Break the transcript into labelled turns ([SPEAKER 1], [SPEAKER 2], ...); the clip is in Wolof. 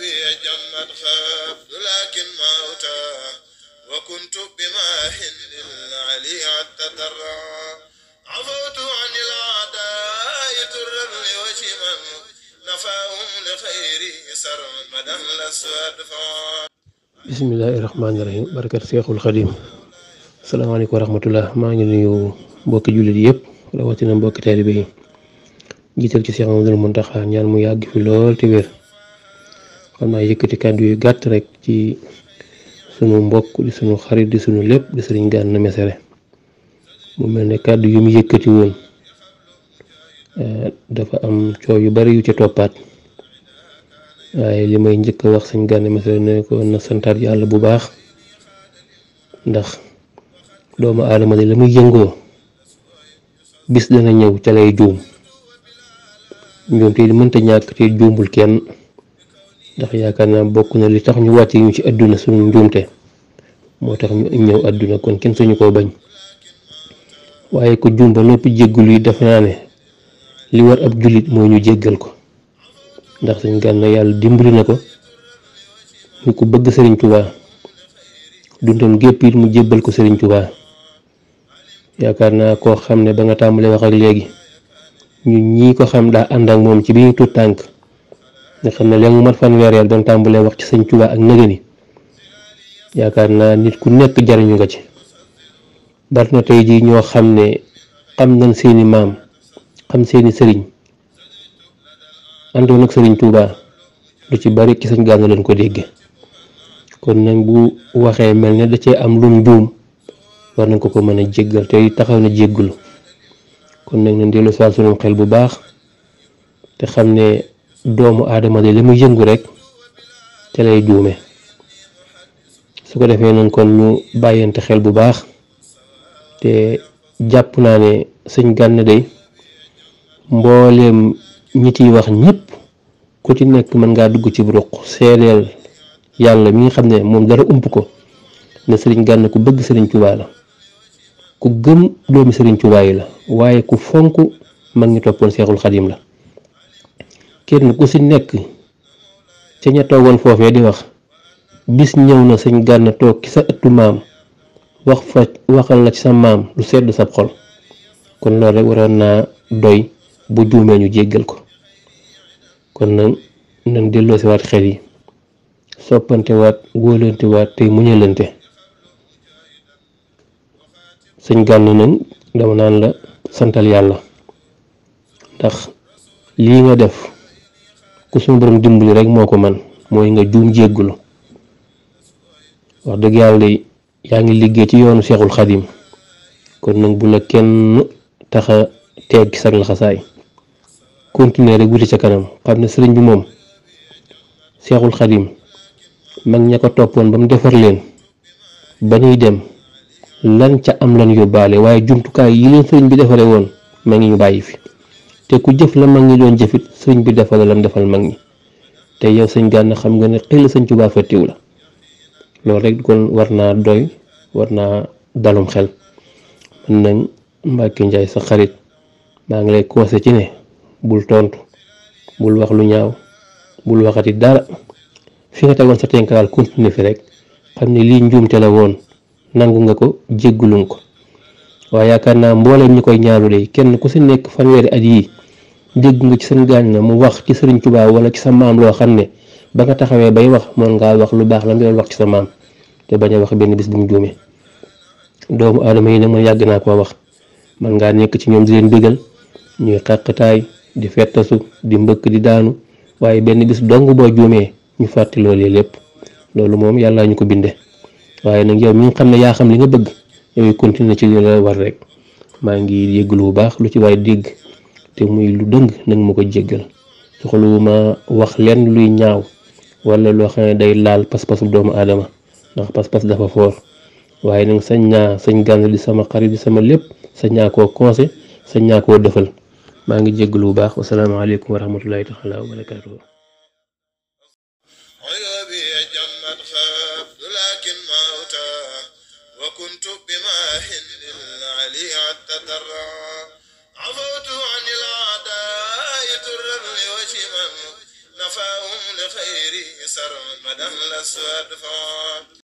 [SPEAKER 1] بي جما خفت لكن ما موتا وكنت بما بماء العلي أتترى عفوت عن الأعداء ترا لوشما نفاهم لخيري سر سرمدا لسواد بسم الله الرحمن الرحيم بركة شيخ الخديم السلام عليكم ورحمة الله ما نيو بوك جولي yëpp rawatina mbokki taalibe yi jiital ci Cheikh Amadou Mountakha ñaan mu yàgg fi lool te wér am ay yëkkati kàddu yu gàtt rek ci sunu mbokk di sunu xarit di sunu lépp di sëriñ na mesere mu mel ne kàddu yu mu yëkkati woon eh, dafa am coow yu bari yu ca toppaat waaye li may njëkk a wax sëñ na mesere ne ko na santaat yàlla bu baax ndax doomu aadama di la muy yëngoo bis dana ñëw ca lay juum ñoom te mënta ñàkk te juumbul kenn ndax yaakaar naa bokk na li tax ñu wàcce ñu ci àdduna suñu njuumte moo tax ñu ñëw àdduna kon kenn suñu koo bañ waaye ko juum ba noppi jéggul yi def naa ne li war ab jullit moo ñu jéggal ko ndax suñ gànna yàlla dimbali na ko ñu ko bëgg sëriñ Tuubaa dundam gépp it mu jébbal ko sëriñ tubaa yaakaar naa koo xam ne ba nga tàmbalee wax ak léegi ñun ñii ko xam daa ànd ak moom ci bi ñu tuut tànk nga xam ne léegi mu mat fanweer don doon wax ci señ Tuubaa ak nëgë ni yaakaar nit ku nek jarignu nga ci dal na tay ji ño xam ne xam nañ seeni maam xam seeni señ àndoon nak señ Tuubaa lu ci bari ci sëñ Gana len ko dégge kon nañ bu waxee mel da ci am lum juum war nañ ko ko mën jéggal tay taxaw na jéggul kon nañ nañ dellu sal suñu xel bu baax te xam doomu aadama de li mu yëngu rek ca lay juume su ko defee noonu kon ñu bàyyante xel bu baax te jàpp naa ne sëñ gànn day mbooleem ñi ciy wax ñëpp ku ci nekk mën ngaa dugg ci ruq seedeel yàlla mi nga xam ne moom dara ump ko ne sëriñ gànn ku bëgg sëriñ Tuubaa la ku gëm doomi sëriñ Tuubaa yi la waaye ku fonk mag ñi toppoon Seexul Xadim la kenn ku si nekk ca ña toogoon foofee di wax bis ñëw na sëñ Gana toog ci sa ëttu maam wax fa waxal la ci sa maam lu sedd sa xol kon loolu rek waroon naa doy bu juumee ñu jéggal ko kon nag nan delloo si waat xel yi soppante waat tey muñalante sëñ gànn nañ dama naan la santal yàlla ndax lii nga def ku suñu borom dimbali rek moo ko man mooy nga juum jéggulu wax dëgg yàlla yaa ngi liggéey ci yoonu seexul xadim kon nag bu la kenn tax a teeg sag laxasaay continuer rek wuti ca kanam xam ne sëriñ bi moom seexul xadim mag ña ko toppoon ba mu defar leen ba ñuy dem lan ca am lan yóbbaale waaye jumtukaay yi leen sëriñ bi defaree woon ma ñu bàyyi fi te ku jëf la mag ñi doon jëfit sëñ bi defal lam defal mag ñi te yow sëñ Gana xam nga ne xëy la sëñ Tuubaa fàttiwu la loolu rek kon war naa doy war naa dalum xel nañ Mbàkke Njaay sa xarit maa ngi lay conseillé ci ne bul tontu bul wax lu ñaaw bul waxati dara fi nga tegoon sa tenkaal continue fi rek xam ni lii njuumte la woon nangu nga ko jégguluñ ko waaye yaakaar naa mbooleem ñi koy ñaalu de kenn ku si nekk fanweeri at yii dégg nga ci seen gaañ na mu wax ci sëriñ Tuubaa wala ci sa maam loo xam ne ba nga taxawee bay wax moom ngaa wax lu baax la nga doon wax ci sa maam te bañ a wax benn bis bu mu juumee doomu aadama yi ne ma yàgg naa koo wax mën ngaa nekk ci ñoom di leen bégal ñuy xàqtaay di fettasu di mbëkk di daanu waaye benn bis dong boo juumee ñu fàtte loolee lépp loolu moom yàllaa ñu ko binde waaye nag yow mi nga xam ne yaa xam li nga bëgg yooyu continuer ci li la war rek maa ngi yëglu bu baax lu ci waaye dégg te muy lu deung nang mako ko jéggal soxluwuma wax len luy ñaaw wala lo xam day laal pass pass doomu adama ndax pas-pas dafa for waye nang sañ naa sañ gànn di sama xarit di sama lepp sañ naa ko conseil sañ naa ko defal ma ngi jéggalu bu assalamu alaykum wa rahmatullahi taala wa barakatuh نفاهم لخيري سر سرمدا لسود فان